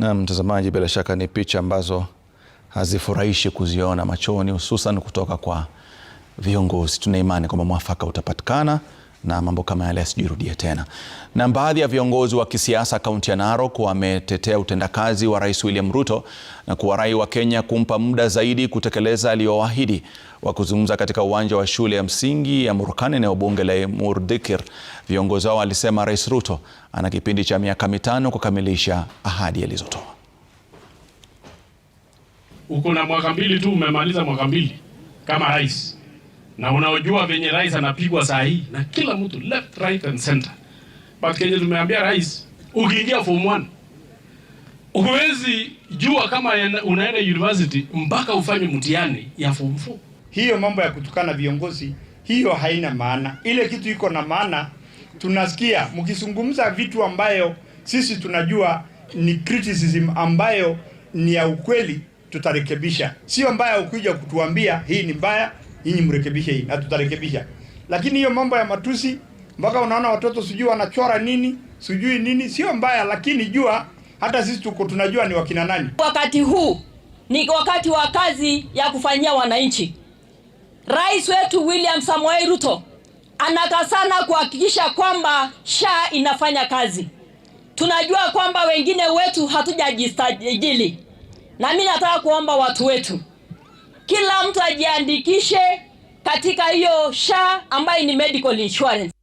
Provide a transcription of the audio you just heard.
Na mtazamaji, bila shaka ni picha ambazo hazifurahishi kuziona machoni, hususan kutoka kwa viongozi. Tuna imani kwamba mwafaka utapatikana na mambo kama yale yasijirudie tena. Na baadhi ya viongozi wa kisiasa kaunti ya Narok wametetea utendakazi wa Rais William Ruto na kuwarai kenya kumpa muda zaidi kutekeleza aliyowaahidi. kuzungumza katika uwanja wa shule ya msingi ya Murkan eneo bunge la Murdikir, viongozi hao walisema Rais Ruto ana kipindi cha miaka mitano kukamilisha ahadi alizotoa. Uko na mwaka mbili tu, umemaliza mwaka mbili kama rais na unaojua venye rais anapigwa saa hii na kila mtu left right and center, but kenye tumeambia rais, ukiingia form 1 huwezi jua kama unaenda university mpaka ufanye mtihani ya form 4. Hiyo mambo ya kutukana viongozi, hiyo haina maana. Ile kitu iko na maana, tunasikia mkizungumza vitu ambayo sisi tunajua ni criticism ambayo ni ya ukweli, tutarekebisha, sio mbaya ukija kutuambia hii ni mbaya nyinyi mrekebishe hii na tutarekebisha. Lakini hiyo mambo ya matusi mpaka unaona watoto sijui wanachora nini sijui nini, sio mbaya, lakini jua hata sisi tuko tunajua ni wakina nani. Wakati huu ni wakati wa kazi ya kufanyia wananchi. Rais wetu William Samoei Ruto anakasana kuhakikisha kwamba SHA inafanya kazi. Tunajua kwamba wengine wetu hatujajisajili, na mimi nataka kuomba watu wetu kila mtu ajiandikishe katika hiyo SHA ambayo ni medical insurance.